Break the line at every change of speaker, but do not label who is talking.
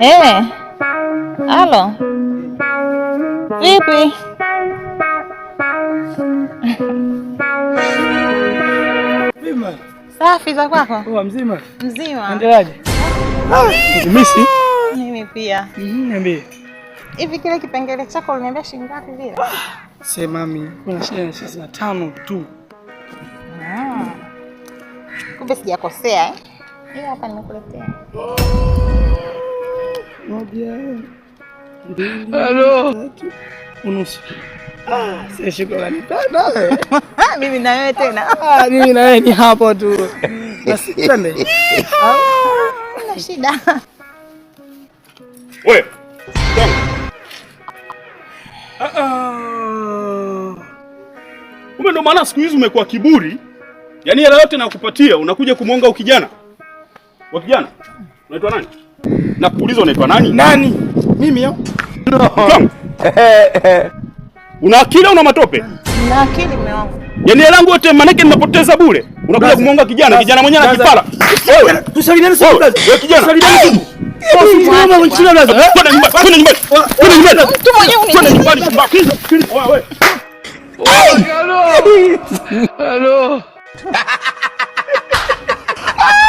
Eh, halo, vipi? Safi za kwako? Poa, mzima. Mzima.
Endeleaje? Ah! Misi?
Mimi pia.
Niambie.
Hivi kile kipengele chako uliniambia shilingi ngapi vile? Ah!
Sema mami, kuna shida na shilingi 5 tu. Ah.
Kumbe sijakosea eh? Hiyo hapa nimekuletea.
Moja, mbili, tatu, unusu. Ah,
mimi na wewe tena.
Ah, mimi na wewe ni hapo tu. Na ah,
shida.
Ume ndo maana siku hizi umekuwa kiburi. Yaani hela yote nakupatia unakuja kumwonga ukijana. Wa kijana, unaitwa nani? Na kuuliza unaitwa nani?
Nani? Mimi yo.
No. Una akili au una matope?
Na akili mume wangu.
Yaani langu wote maneke ninapoteza bure. Unakuja kumwonga kijana, kijana mwenyewe anakipala. Wewe,
tusalimiane sasa. Wewe kijana. Tusalimiane sasa. Halo. Halo.